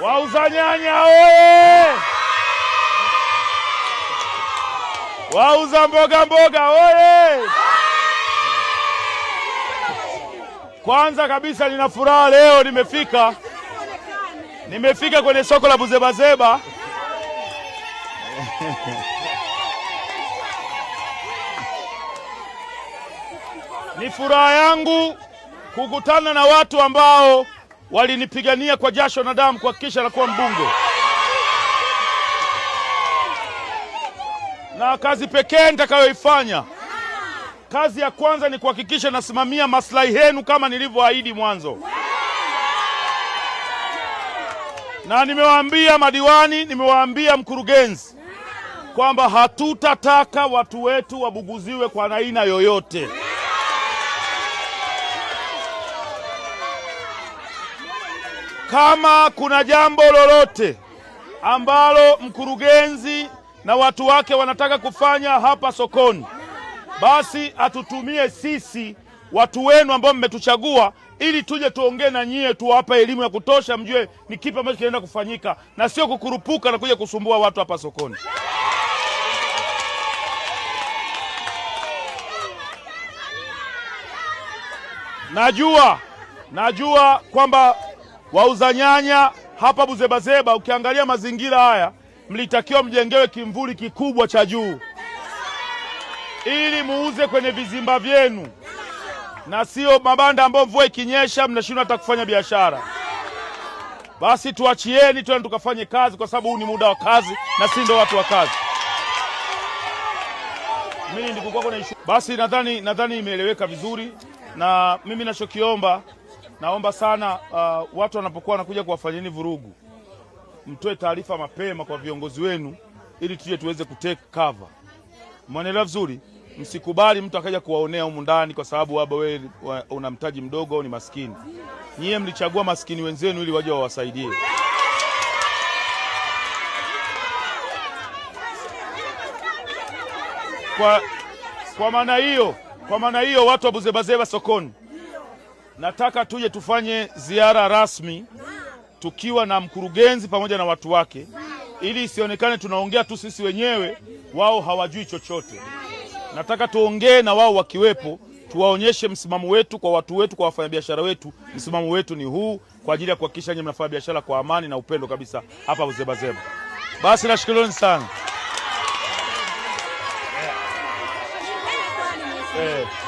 Wauza nyanya oye! Wauza mboga mboga oye! Kwanza kabisa nina furaha leo nimefika, nimefika kwenye soko la Buzebazeba ni furaha yangu kukutana na watu ambao walinipigania kwa jasho na damu kuhakikisha nakuwa mbunge, na kazi pekee nitakayoifanya Kazi ya kwanza ni kuhakikisha nasimamia maslahi yenu kama nilivyoahidi mwanzo, na nimewaambia madiwani, nimewaambia mkurugenzi kwamba hatutataka watu wetu wabuguziwe kwa aina yoyote. Kama kuna jambo lolote ambalo mkurugenzi na watu wake wanataka kufanya hapa sokoni basi atutumie sisi watu wenu ambao mmetuchagua ili tuje tuongee na nyie, tuwapa elimu ya kutosha, mjue ni kipi ambacho kinaenda kufanyika na sio kukurupuka na kuja kusumbua watu hapa sokoni. Najua, najua kwamba wauza nyanya hapa Buzebazeba, ukiangalia mazingira haya, mlitakiwa mjengewe kimvuli kikubwa cha juu ili muuze kwenye vizimba vyenu na sio mabanda ambayo mvua ikinyesha mnashindwa hata kufanya biashara. Basi tuachieni twende tukafanye kazi, kwa sababu huu ni muda wa kazi na si ndo watu wa kazi. Mimi nilikuwa kuna ishu. Basi nadhani nadhani imeeleweka vizuri, na mimi nachokiomba, naomba sana uh, watu wanapokuwa wanakuja kuwafanyeni vurugu, mtoe taarifa mapema kwa viongozi wenu ili tuje tuweze kutake cover. Mwanelewa vizuri. Msikubali mtu akaja kuwaonea humu ndani kwa sababu labda wewe una mtaji mdogo au ni maskini. Nyiye mlichagua maskini wenzenu ili waje wawasaidie. Kwa, kwa maana hiyo kwa maana hiyo watu wa Buzebazeba sokoni, nataka tuje tufanye ziara rasmi tukiwa na mkurugenzi pamoja na watu wake, ili isionekane tunaongea tu sisi wenyewe, wao hawajui chochote nataka tuongee na wao wakiwepo, tuwaonyeshe msimamo wetu kwa watu wetu, kwa wafanyabiashara wetu. Msimamo wetu ni huu kwa ajili ya kuhakikisha nyinyi mnafanya biashara kwa amani na upendo kabisa hapa Uzebazeba. Basi nashukuruni sana. Eh.